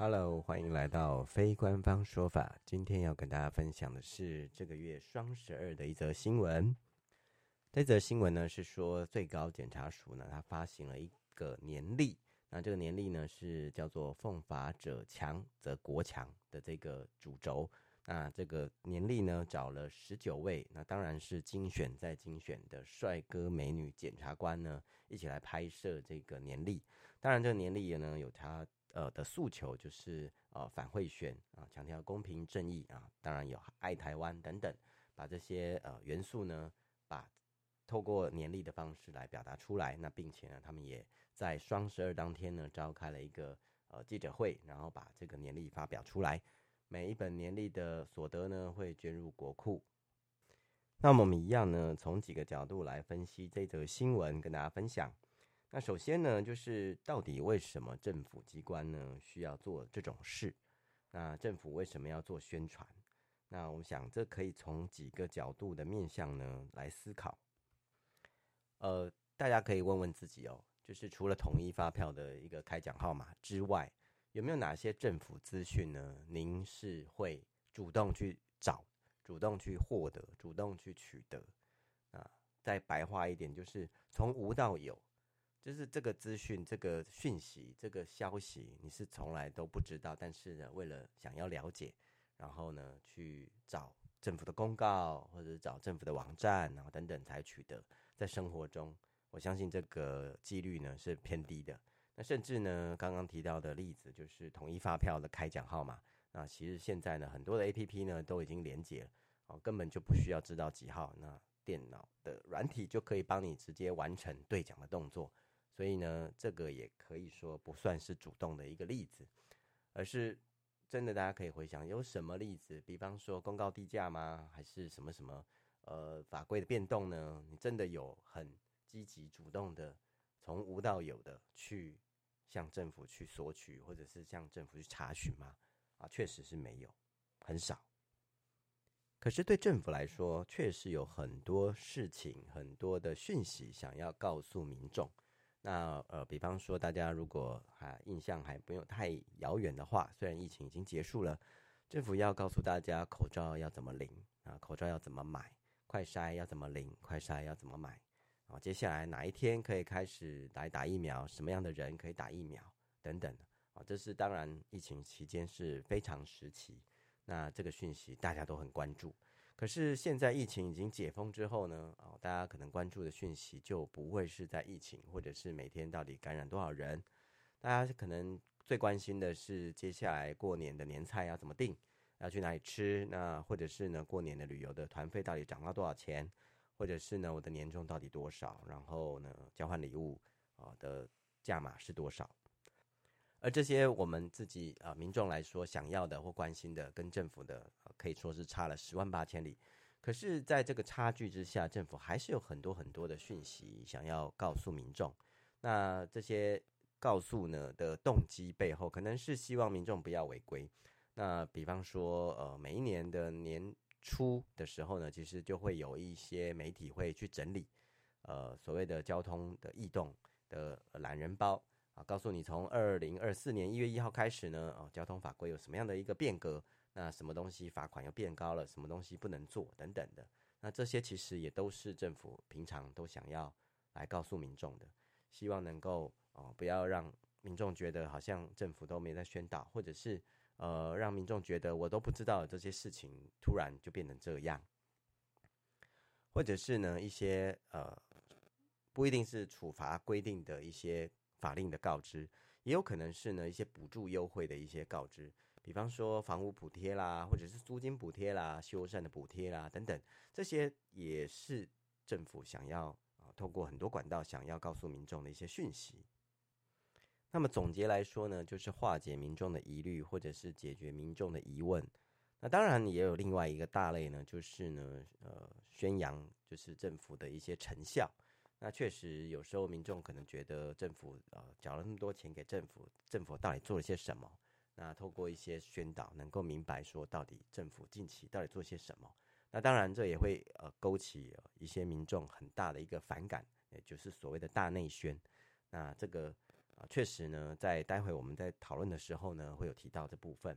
Hello，歡迎來到非官方說法。今天要跟大家分享的是這個月雙十二的一則新聞。這則新聞呢是說，最高檢察署呢，它發行了一個年曆。那這個年曆呢是叫做“奉法者強，則國強”的這個主軸。那這個年曆呢找了十九位，那當然是精選再精選的帥哥美女檢察官呢，一起來拍攝這個年曆。當然，這個年曆也呢有他。呃的訴求就是呃反賄選啊，呃，強調公平正義啊，當然有愛台灣等等，把這些呃元素呢，把透過年曆的方式來表達出來。那並且呢，他們也在雙十二當天呢，召開了一個呃記者會，然後把這個年曆發表出來，每一本年曆的所得呢，會捐入國庫。那我們一樣呢，從幾個角度來分析這則新聞，跟大家分享。那首先呢，就是到底為什麼政府機關呢，需要做這種事？那政府為什麼要做宣傳？那我想這可以從幾個角度的面向呢來思考。呃，大家可以問問自己哦，就是除了統一發票的一個開獎號碼之外，有沒有哪些政府資訊呢？您是會主動去找、主動去獲得、主動去取得？啊，再白話一點，就是從無到有。就是這個資訊、這個訊息、這個消息，你是從來都不知道。但是呢，為了想要了解，然後呢，去找政府的公告，或者找政府的網站，然後等等才取得。在生活中，我相信這個幾率呢是偏低的。那甚至呢，剛剛提到的例子就是統一發票的開獎號碼。那其實現在呢，很多的 APP 呢都已經連結了，哦，根本就不需要知道幾號，那電腦的軟體就可以幫你直接完成兌獎的動作。所以呢，這個也可以說不算是主動的一個例子，而是真的大家可以回想有什麼例子？比方說公告地價嗎？還是什麼什麼？呃，法規的變動呢？你真的有很積極主動的從無到有的去向政府去索取，或者是向政府去查詢嗎？啊，確實是沒有，很少。可是對政府來說，確實有很多事情，很多的訊息想要告訴民眾。那呃，比方說，大家如果啊印象還不用太遙遠的話，雖然疫情已經結束了，政府要告訴大家口罩要怎麼領啊，口罩要怎麼買，快篩要怎麼領，快篩要怎麼買啊，接下來哪一天可以開始來打疫苗，什麼樣的人可以打疫苗等等啊，這是當然，疫情期間是非常時期，那這個訊息大家都很關注。可是現在疫情已經解封之後呢，大家可能關注的訊息就不會是在疫情，或者是每天到底感染多少人。大家可能最關心的是接下來過年的年菜要怎麼定，要去哪裡吃？那或者是呢，過年的旅遊的團費到底漲到多少錢？或者是呢，我的年終到底多少？然後呢，交換禮物啊的價碼是多少？而這些我們自己啊、呃、民眾來說想要的或關心的，跟政府的。可以說是差了十萬八千里，可是，在這個差距之下，政府還是有很多很多的訊息想要告訴民眾。那這些告訴呢的動機背後，可能是希望民眾不要違規。那比方說，呃，每一年的年初的時候呢，其實就會有一些媒體會去整理，呃，所謂的交通的異動的懶人包啊，告訴你從二零二四年一月一號開始呢，哦，交通法規有什麼樣的一個變革。那什麼東西罰款又變高了？什麼東西不能做？等等的。那這些其實也都是政府平常都想要來告訴民眾的，希望能夠哦、呃、不要讓民眾覺得好像政府都沒在宣導，或者是呃讓民眾覺得我都不知道這些事情突然就變成這樣，或者是呢一些呃不一定是處罰規定的一些法令的告知，也有可能是呢一些補助優惠的一些告知。比方說房屋補貼啦，或者是租金補貼啦、修繕的補貼啦等等，這些也是政府想要啊、呃，透過很多管道想要告訴民眾的一些訊息。那麼總結來說呢，就是化解民眾的疑慮，或者是解決民眾的疑問。那當然也有另外一個大類呢，就是呢，呃，宣揚就是政府的一些成效。那確實有時候民眾可能覺得政府啊、呃，繳了那麼多錢給政府，政府到底做了些什麼？那透過一些宣導，能夠明白說到底政府近期到底做些什麼？那當然這也會呃勾起一些民眾很大的一個反感，也就是所謂的大內宣。那這個呃、確實呢，在待會我們在討論的時候呢，會有提到這部分。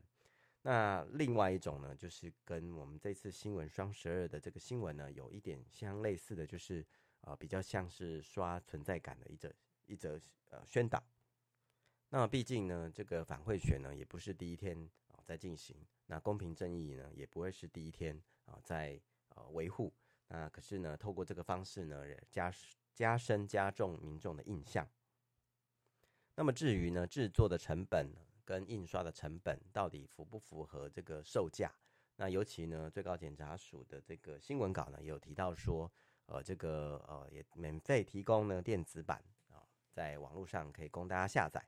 那另外一種呢，就是跟我們這次新聞雙十二的這個新聞呢，有一點相類似的就是、呃、比較像是刷存在感的一則一則呃宣導。那麼畢竟呢，這個反賄選呢也不是第一天啊、哦、在進行，那公平正義呢也不會是第一天啊、哦、在呃維護。那可是呢，透過這個方式呢也加加深加重民眾的印象。那麼至於呢製作的成本跟印刷的成本到底符不符合這個售價？那尤其呢最高檢察署的這個新聞稿呢也有提到說，呃這個呃也免費提供呢電子版啊、哦，在網絡上可以供大家下載。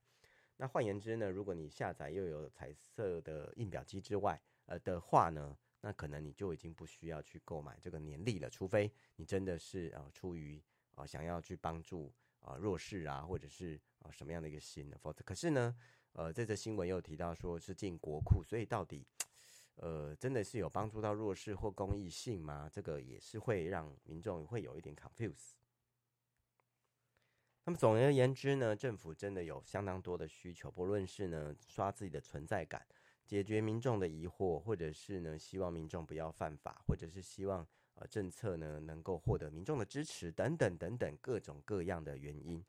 那換言之呢，如果你下載又有彩色的印表機之外，呃的話呢，那可能你就已經不需要去購買這個年曆了，除非你真的是啊、呃、出於啊、呃、想要去幫助、呃、弱勢啊弱勢啊或者是啊、呃、什麼樣的一個心，否則可是呢，呃這則新聞又提到說是進國庫，所以到底，呃真的是有幫助到弱勢或公益性嗎？這個也是會讓民眾會有一點 confuse。那麼總而言之呢，政府真的有相當多的需求，不論是呢刷自己的存在感，解決民眾的疑惑，或者是呢希望民眾不要犯法，或者是希望呃政策呢能夠獲得民眾的支持等等等等各種各樣的原因。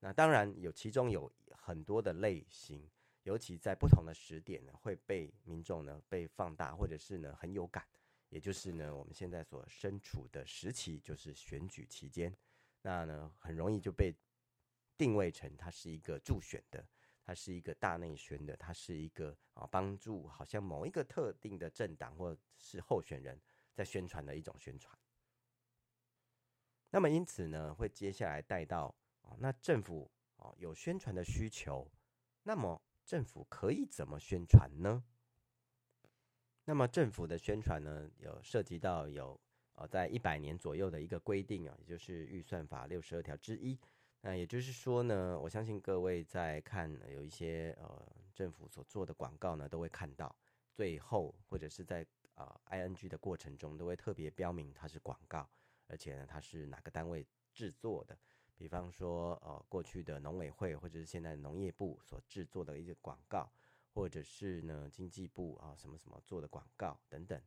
那當然有其中有很多的類型，尤其在不同的時點呢會被民眾呢被放大，或者是呢很有感，也就是呢我們現在所身處的時期就是選舉期間，那呢很容易就被。定位成它是一個助選的，它是一個大內宣的，它是一個啊幫助好像某一個特定的政黨或是候選人，在宣傳的一種宣傳。那麼因此呢，會接下來帶到那政府啊有宣傳的需求，那麼政府可以怎麼宣傳呢？那麼政府的宣傳呢，有涉及到有呃在一百年左右的一個規定啊，也就是預算法六十二條之一。那也就是說呢，我相信各位在看有一些呃政府所做的廣告呢，都會看到最後或者是在啊、呃、ING 的過程中，都會特別標明它是廣告，而且呢它是哪個單位製作的，比方說呃過去的農委會或者是現在農業部所製作的一些廣告，或者是呢經濟部啊、呃、什麼什麼做的廣告等等。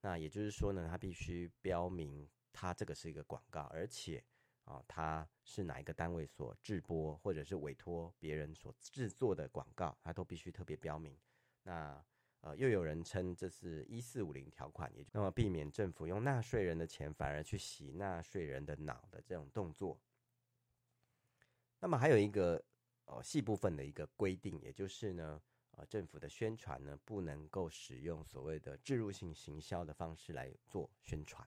那也就是說呢，它必須標明它這個是一個廣告，而且。啊，它是哪一個單位所製播，或者是委託別人所製作的廣告，它都必須特別標明。那呃，又有人稱這是一四五零條款，也就那麼避免政府用納稅人的錢，反而去洗納稅人的腦的這種動作。那麼還有一個呃細部分的一個規定，也就是呢，呃，政府的宣傳呢不能夠使用所謂的置入性行銷的方式來做宣傳。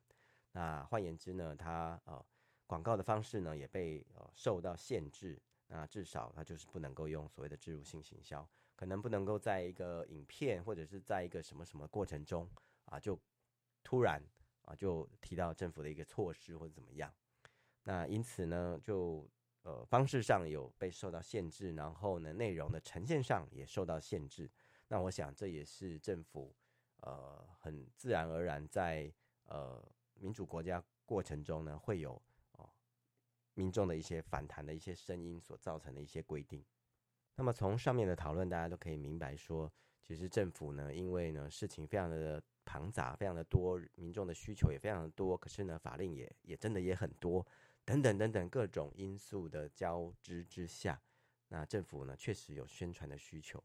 那換言之呢，它呃。廣告的方式呢，也被呃受到限制。那至少它就是不能夠用所謂的置入性行銷，可能不能夠在一個影片或者是在一個什麼什麼過程中啊，就突然啊就提到政府的一個措施或者怎麼樣。那因此呢，就呃方式上有被受到限制，然後呢內容的呈現上也受到限制。那我想這也是政府呃很自然而然在呃民主國家過程中呢會有民眾的一些反彈的一些聲音所造成的一些規定，那麼從上面的討論，大家都可以明白說，其實政府呢，因為呢事情非常的龐雜，非常的多，民眾的需求也非常的多，可是呢法令也也真的也很多，等等等等各種因素的交織之下，那政府呢確實有宣傳的需求，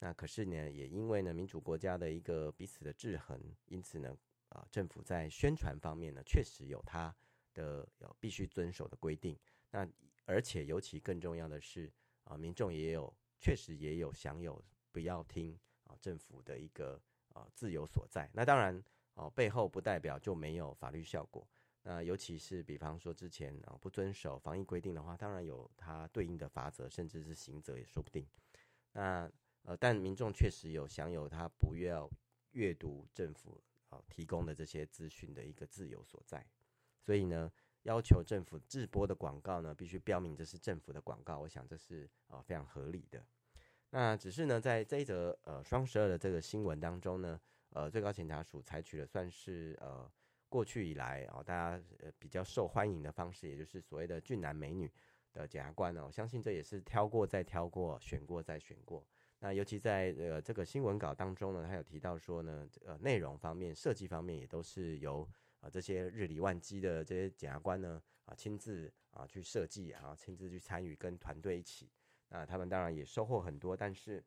那可是呢也因為呢民主國家的一個彼此的制衡，因此呢啊、呃、政府在宣傳方面呢確實有它。的必須遵守的規定，那而且尤其更重要的是啊、呃，民眾也有確實也有享有不要聽啊、呃、政府的一個啊、呃、自由所在。那當然、呃、背後不代表就沒有法律效果。那尤其是比方說之前啊、呃、不遵守防疫規定的話，當然有它對應的法則，甚至是刑責也說不定。那呃，但民眾確實有享有他不要閱讀政府啊、呃、提供的這些資訊的一個自由所在。所以呢，要求政府制播的廣告呢，必須標明這是政府的廣告。我想這是啊、呃、非常合理的。那只是呢，在這一則呃雙十二的這個新聞當中呢，呃最高檢察署採取了算是呃過去以來啊、呃、大家、呃、比較受歡迎的方式，也就是所謂的俊男美女的檢察官呢、呃。我相信這也是挑過再挑過，選過再選過。那尤其在呃這個新聞稿當中呢，他有提到說呢，呃內容方面、設計方面也都是由。啊、呃，這些日理萬機的這些檢察官呢，啊，親自啊去設計，啊，親自去參與，跟團隊一起，那他們當然也收穫很多，但是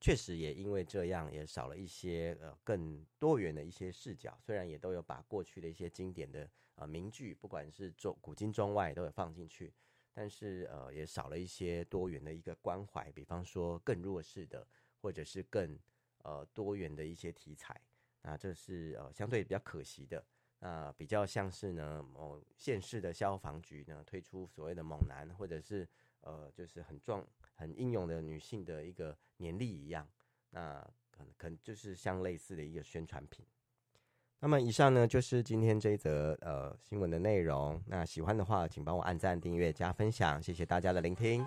確實也因為這樣，也少了一些呃更多元的一些視角。雖然也都有把過去的一些經典的啊、呃、名句，不管是中，古今中外都有放進去，但是呃也少了一些多元的一個關懷，比方說更弱勢的，或者是更呃多元的一些題材。那、啊、這是呃相對比較可惜的。那、呃、比較像是呢，某縣市的消防局呢推出所謂的“猛男”或者是呃就是很壯很英勇的女性的一個年曆一樣，那、呃、可能就是像類似的一個宣傳品。那麼以上呢就是今天這一則呃新聞的內容。那喜歡的話，請幫我按贊、訂閱、加分享，謝謝大家的聆聽。